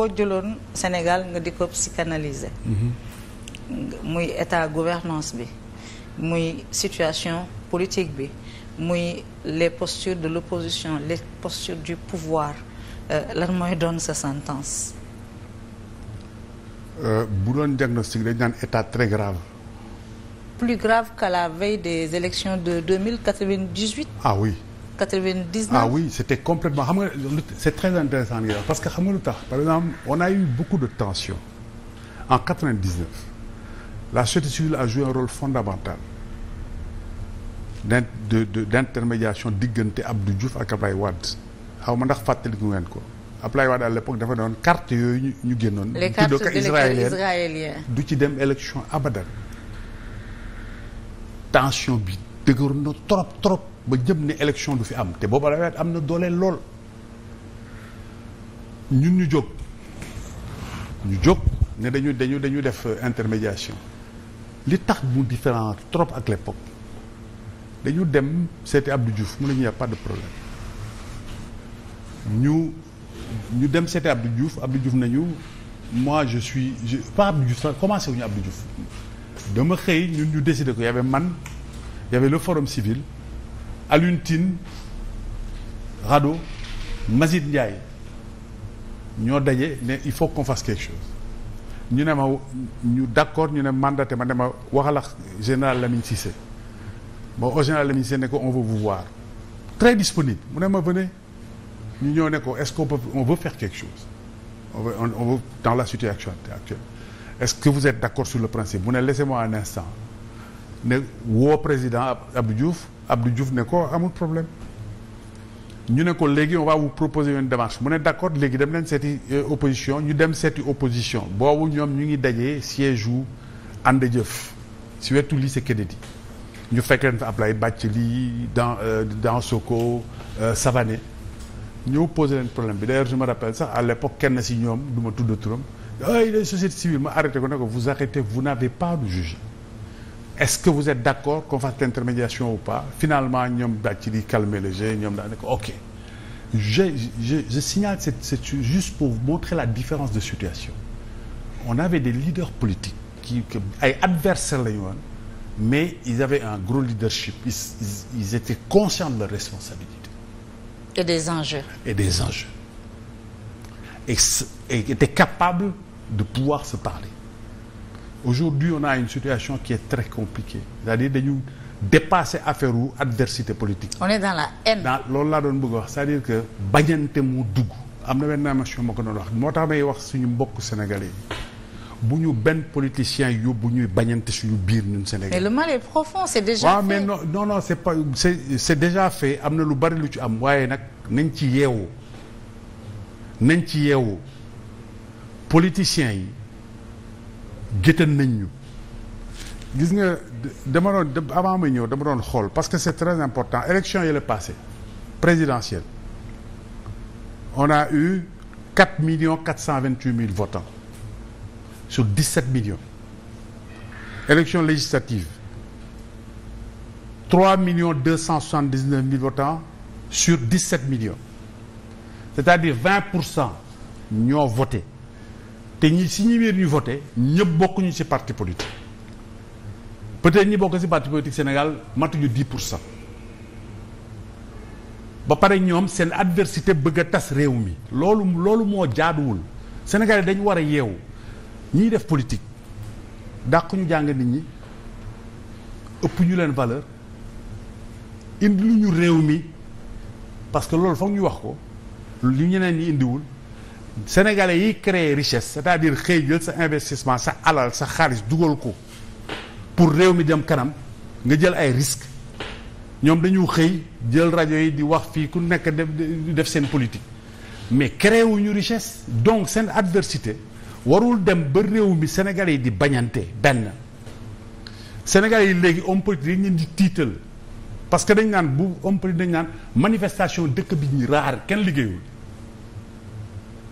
koo jëloon Sénégal nga di ko psychanalyser mhm. muy état gouvernance bi muy situation politique bi muy les postures de l'opposition le postures du pouvoir euh, lan mooy doon sa sentence euh, bu doon diagnostic dañ naan état très grave plus grave qu'à la veille des élections de 2098 ah oui 99. ah oui c' était complètement xam nga c' est très intéressant li parce que xam nga lu tax par exemple on a eu beaucoup de tensions en 99 la société civile a joué un rôle fondamental d' de d' intermédiation diggante Abdou Diouf ak Ablaye Wade xaw ma ndax fàttaliku ngeen ko. Ablaye Wade à l'époque dafa doon carte yooyu ñu génnoon. les cartes de du ci dem élection abadan tension bi dëgër na trop trop. ba jëm ne élection du fi am te booba Ablaye am na dooleel lool ñun ñu jóg ñu jóg ne dañu dañu dañu def intermédiation li tax mu différent trop ak l'époque dañu dem seeti Abdou Diouf mu ne ñu y a pas de problème ñu ñu dem seeti Abdou Diouf Abdou Diouf nañu moi je suis je pas Abdou Diouf sax commencé wu ñu Abdou Diouf dama xëy ñun ñu décidé ko y man y avait le forum civil Alioune Tine Rado Mazid Ndiaye ñoo daje ne il faut qu'on fasse quelque chose ñu ne ma ñu d'accord ñu ne mandaté ma ne ma waxal ak général la Cissé ma au général Lamine Cissé ne ko on veut vous voir très disponible mu ne ma venez ñu ñëw ne ko est-ce qu'on peut on veut faire quelque chose on veut on veut dans la situation actuelle est-ce que vous êtes d'accord sur le principe mu ne laissez-moi un instant ne woo président Abdou Diouf Abdou juuf ne ko amul problème ñu ne ko léegi on va vous proposer une démarche mu ne d'accord léegi dem leen seeti euh, opposition ñu dem seeti opposition boobu ñoom ñu ngi dajee siège u ànd jëf si wetu lycée Kennedy ñu fekk ab fa Ablaye Bathily dans euh, dans ko euh, Savané ñëw posé leen problème bi d'ailleurs je me rappelle sax à l'époque kenn si ñoom du ma tudd turam ay les sociétés civiles ma arrêté ko ne ko vous arrêtez vous n'avez pas de juge est-ce que vous êtes d'accord qu'on fasse l'intermédiation ou pas finalement ñoom daal ci di calmer le jeu ñoom la ne ko ok je je je signale c'est juste pour vous montrer la différence de situation on avait des leaders politiques qui ay adversaires la ñu mais ils avaient un gros leadership ils, ils, ils étaient conscients de leurs responsabilités et des enjeux et des enjeux et, et étaient capables de pouvoir se parler aujourd'hui on a une situation qui est très compliquée c'est-à-dire dañu dépasser affaire adversité politique. on est dans la haine. loolu laa doon bëgg wax c'est-à-dire que bañante moo dugg am na benn nation ma ko doon wax moo tax may wax suñu mbokk sénégalais bu ñu benn politicien yóbbu ñuy bañante suñu biir ñun Sénégal. mais le mal est profond c'est déjà. mais non non non c'est pas c'est fait am na lu bari lu ci am waaye nag nañ ci yeewoo nañ ci yeewu politiciens yi. géttan nañ ñu gis nga dama doon avant muy ñëw dama doon xool parce que c'est très important élection yi la passé présidentielle on a eu quatre millions cent vingt huit mille votants sur million sept millions élection législative trois millions deux cent soixante dix neuf mille votants sur dix sept millions c'est-à-dire vingt pour cent ñoo voté te ñi si ñi wéer ñu voté ñëpp bokkuñu ci parti politique peut-être ñi bokk ci parti politique Sénégal matuñu 10 pour sa ba pare ñoom seen adversité bëgg a tas réew mi loolu loolu moo jaaduwul Sénégalais dañu war a yeewu ñiy def politique dàq ñu jàng nit ñi ëpp ñu leen valeur indi lu ñu réew mi parce que loolu foog ñu wax ko li ñeneen ñi indiwul sénégalais yi créer richesse c'est-à-dire xëy jël sa investissement sa alal sa xaalis dugal ko pour réew mi dem kanam nga jël ay risques ñoom dañu xëy jël rajo yi di wax fii ku nekk def def seen politique mais wu ñu richesse donc seen adversité warul dem ba réew mi sénégalais yi di bañante benn sénégalais yi léegi homme politique dañ leen di tiital parce que dañ naan bu homme politique dañ naan manifestation dëkk bi ñi raar kenn liggéeyul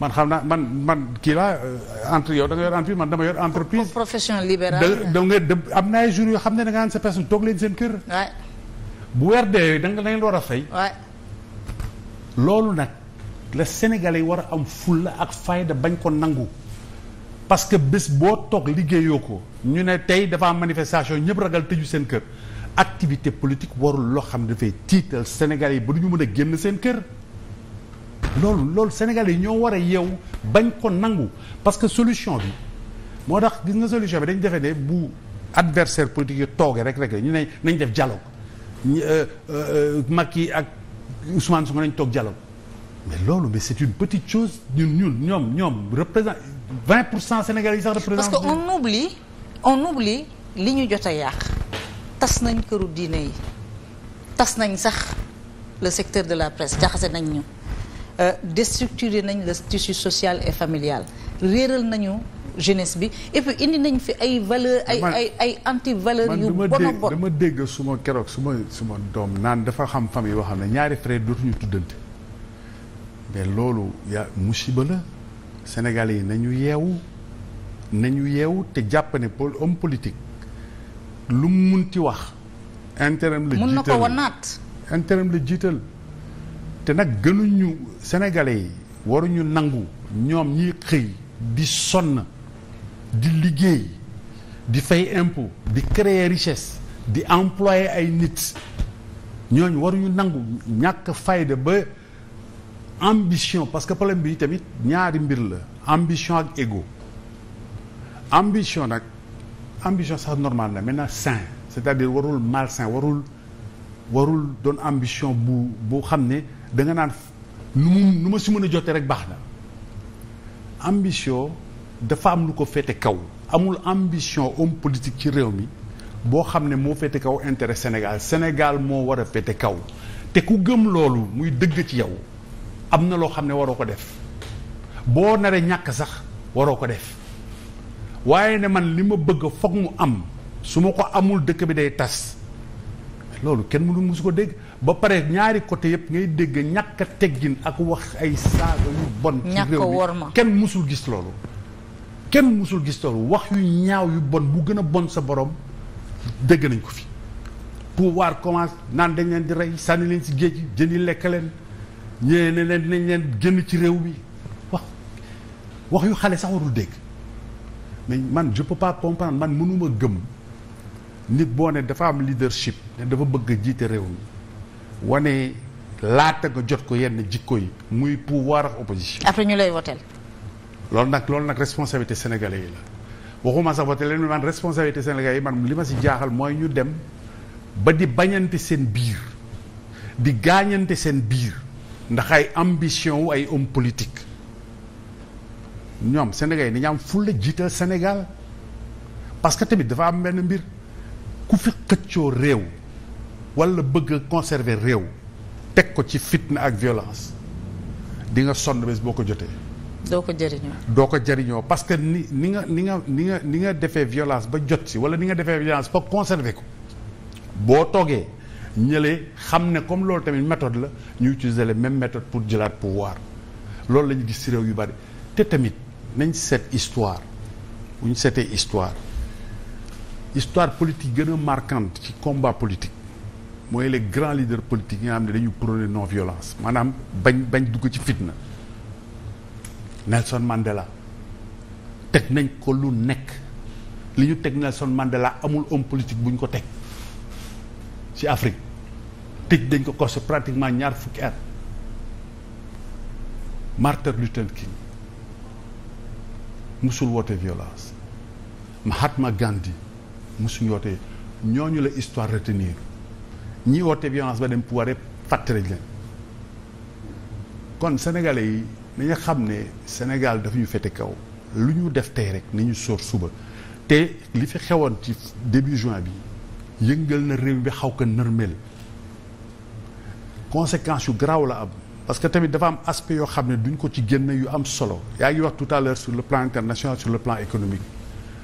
man xam naa man man kii laa euh, entre yow da nga yor entreprise man dama yor entreprise. profession libérale da am na ay jours yoo xam ne da nga naan sa personne toog leen seen kër. bu weer dee da nga leen war a fay. loolu nag la Sénégalais yi war a am fulla ak fayda bañ ko nangu parce que bés boo toog liggéeyoo ko ñu ne tey dafa am manifestation ñëpp ragal tëju seen kër activité politique warul loo xam ne dafay tiital Sénégalais yi bu duñu mën a génn seen kër. loolu loolu sénégal yi ñoo war a yeewu bañ ko nangu parce que solution bi moo tax gis nga solution bi dañ defee ne bu adversaire politique yi toogee rek rek ñu ne nañ def dialogue euh, euh, Macky ak Ousmane Sonko nañ toog dialogue loolu mais c'est une petite chose ñoom ñoom représent 20 pour cent sénégal yi sax représenté. parce que on oublie on oublie li ñu jot a yàq tas nañ këru diine yi tas nañ sax le secteur de la presse jaxase nañ ñu. Euh, déstructurer nañ le tissu sociale et familiale réeral nañu jeunesse bi et indi nañ fi ay valeur ay ay ay anti valeur yu bon a bon dama dégg suma keroog suma suma doom naan dafa xam famille yoo xam ne ñaari frère dootuñu tuddante mais loolu ya musiba la Sénégalais yi nañu yeew nañu yeew te jàppane ne politique lu mu munti wax intérim la jiital na ko wanaat intérim la jiital te nag gënuñu sénégalais yi waruñu nangu ñoom ñiy xëy di sonn di liggéey di fay impôt di créer richesse di employer ay nit ñooñu waruñu nangu ñàkk fayda ba ambition parce que problème bi tamit ñaari mbir la ambition ak ego ambition nag ambition sax normale la maintenant sain c'est-à-dire warul malsain warul warul doon ambition bu boo xam ne da nga naan lu mu nu ma si mën a jotee rek baax na ambition dafa am lu ko féete kaw amul ambition homme politique ci réew mi boo xam ne moo féete kaw intérêt Sénégal Sénégal moo war a féete kaw te ku gëm loolu muy dëgg ci yow am na loo xam ne waroo ko def boo naree ñàkk sax waroo ko def waaye ne man li ma bëgg foog mu am su ma ko amul dëkk bi day tas loolu kenn mënu musu ko dégg ba pare ñaari côté yëpp ngay dégg ñàkk teggin ak wax ay saaga yu bon ci réew mi kenn musul gis loolu kenn musul gis loolu wax yu ñaaw yu bon bu gën a bon sa boroom dégg nañ ko fi pouvoir commence naan dañ leen di rey sànni leen si géej jën jëndi lekk leen ñee ne leen dinañ leen génn ci réew mi wax yu xale sawarul dégg mais man je peux pas comprendre man mënuma gëm nit boo ne dafa am leadership ne dafa bëgg a jiite réew mi wane laata nga jot ko yenn jikko yi muy pouvoir ak opposition. après ñu lay woteel. loolu nag loolu nag responsabilité sénégalais yi la waxuma sax woteel leen man responsabilité sénégalais yi man li ma si jaaxal mooy ñu dem ba di bañante seen biir di gaañante seen biir ndax ay ambition wu ay homme politique ñoom sénégalais yi dañu am fulla jiital Sénégal parce que tamit dafa am benn mbir. ku fi xëccoo réew wala bëgg conserver réew teg ko ci fitna ak violence di nga sonn bés boo ko jotee. doo ko jëriñoo. doo ko jëriñoo parce que ni ni nga ni nga ni nga ni nga defee violence ba jot si wala ni nga defee violence ba conserver ko boo toogee ñële xam ne comme loolu tamit méthode la ñu utiliser les mêmes méthodes pour jëlaat pouvoir loolu la ñu gis si réew yu bari te tamit nañ seet histoire bu ñu seetee histoire. histoire politique gën a marquante ci combat politique mooy les grands leaders politiques yi am xam dañu prôné non violence maanaam bañ bañ dugg ci fitna Nelson Mandela teg nañ ko lu nekk li ñu teg Nelson Mandela amul homme politique buñ ko teg ci Afrique teg dañ ko kose pratiquement ñaar fukki at Martin Luther King musul woote violence Mahatma Gandhi mosuñu woote ñu la histoire retenir ñi woote violence ba dem pouvoir yëpp fàttali leen kon sénégalais yi nañu xam ne Sénégal dafa ñu fete kaw lu ñu def tey rek ñu sóor suba te li fi xewoon ci début juin bi yëngal na réew bi xaw ko nërmeel conséquences yu garaaw la am parce que tamit dafa am aspect yoo xam ne duñ ko ci génn yu am solo yaa ngi wax tout à l'heure sur le plan international sur le plan économique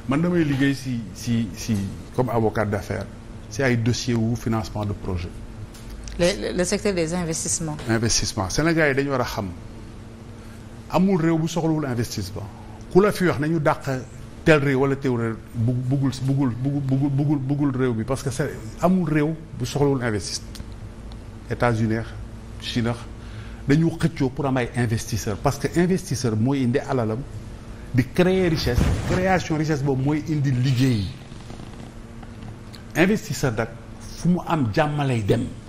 man damay liggéey si si si comme avocat d'affaires si ay dossier wu financement de projet. le le secteur des investissements. investissement Sénégal yi dañu war a xam amul réew bu soxlawul investissement ku la fi wax nañu dàq tel réew wala teew réew bu buggul buggul buggul buggul buggul réew bi parce que c'est amul réew bu soxlawul investissement États-Unis Chine dañu xëccoo pour am ay investisseurs parce que investisseur mooy indi alalam. di créer richesse création richesse boobu mooy indi liggéey sa nag fu mu am jàmmalay dem